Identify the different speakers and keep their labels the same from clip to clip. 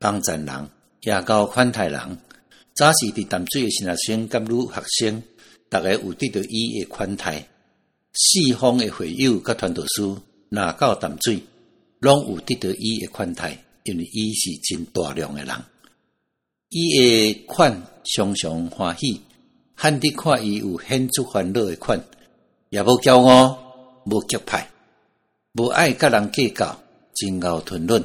Speaker 1: 講真，當人也到款待人。早時佇淡水嘅新學生甲女學生，逐個有得到伊嘅款待。四方嘅會友甲傳道師，若到淡水，攏有得到伊嘅款待，因為伊是真大量嘅人。伊嘅款常常歡喜，罕得看伊有顯著煩惱嘅款，也無驕傲，無急派，無愛甲人計較，真夠吞論。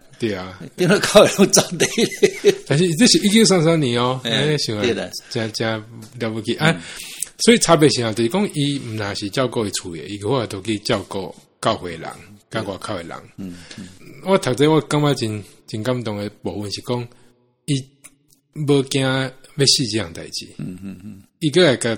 Speaker 1: 對啊，點了考會攏長得，但是這是一九三三年哦、喔，哎、欸，是啊，真真了不起、嗯、
Speaker 2: 啊！所以差別是安怎，就是講伊毋那是照顧伊厝嘅，伊擱會都去照顧教會人，教對外口嘅人。嗯嗯、我頭先我感覺真真感動嘅部分是講，伊無驚要事這樣代志，嗯嗯嗯，伊擱會甲。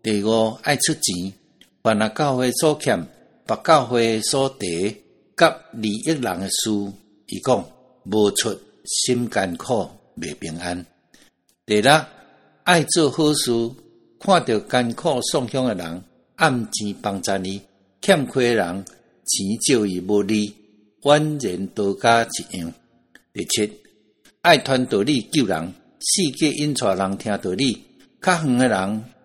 Speaker 1: 第五，愛出錢，把那教會所欠、把教會所得、甲利益人嘅事。伊講：“無出，心艱苦未平安。第六愛做好事，看到艱苦送苦嘅人，暗錢幫助你，欠虧人錢少以無利，萬人多加一樣。第七愛傳道理救人，世界因錯人聽道理，較遠嘅人。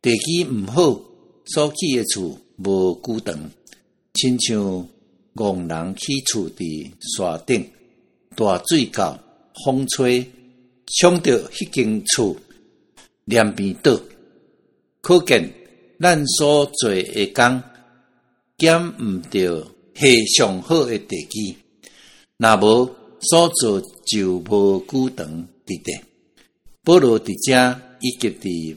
Speaker 1: 地基毋好，所起嘅厝無久長。親像怣人起厝佇山頂，大水到，風吹，衝到迄間厝連平倒。可見咱所做嘅工，兼毋到迄上好嘅地基，若無所做就無久長佇咧。保羅佇遮以及佇